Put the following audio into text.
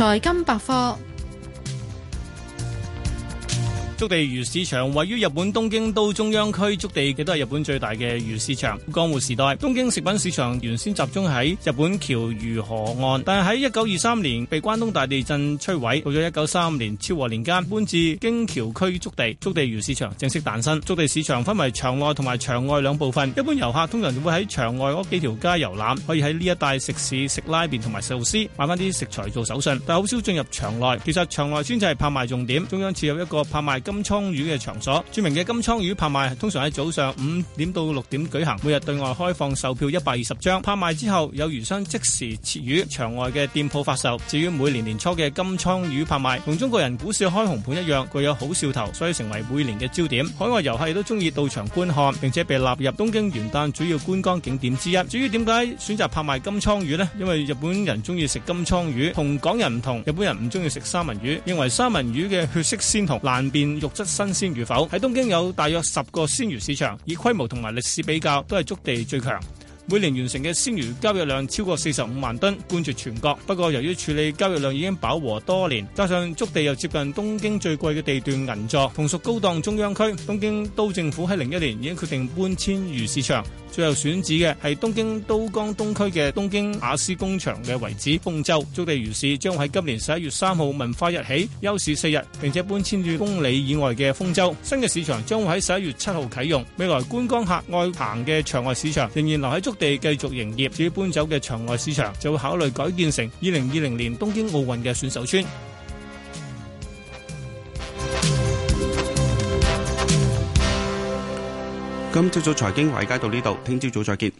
財金百貨。築地魚市場位於日本東京都中央區，築地嘅都係日本最大嘅魚市場。江戶時代，東京食品市場原先集中喺日本橋魚河岸，但係喺一九二三年被關東大地震摧毀，到咗一九三五年昭和年間，搬至京橋區築地，築地魚市場正式誕生。築地市場分為場內同埋場外兩部分，一般遊客通常會喺場外嗰幾條街遊覽，可以喺呢一帶食肆、食拉麵同埋壽司，買翻啲食材做手信，但好少進入場內。其實場內先就係拍賣重點，中央設有一個拍賣金槍魚嘅場所，著名嘅金槍魚拍賣通常喺早上五點到六點舉行，每日對外開放售票一百二十張。拍賣之後有魚商即時切魚，場外嘅店鋪發售。至於每年年初嘅金槍魚拍賣，同中國人股市開紅盤一樣，具有好兆頭，所以成為每年嘅焦點。海外遊客亦都中意到場觀看，並且被納入東京元旦主要觀光景點之一。至於點解選擇拍賣金槍魚呢？因為日本人中意食金槍魚，同港人唔同，日本人唔中意食三文魚，認為三文魚嘅血色鮮紅難辨。肉質新鮮與否？喺東京有大約十個鮮魚市場，以規模同埋歷史比較，都係築地最強。每年完成嘅鮮魚交易量超過四十五萬噸，冠絕全國。不過由於處理交易量已經飽和多年，加上築地又接近東京最貴嘅地段銀座，同屬高檔中央區。東京都政府喺零一年已經決定搬遷魚市場，最後選址嘅係東京都江東區嘅東京瓦斯工場嘅遺址豐洲。築地魚市將喺今年十一月三號文化日起休市四日，並且搬遷至公里以外嘅豐洲。新嘅市場將會喺十一月七號啟用。未來觀光客外行嘅場外市場仍然留喺築地。地繼續營業，至於搬走嘅場外市場，就會考慮改建成二零二零年東京奧運嘅選手村。今朝早財經圍街到呢度，聽朝早再見。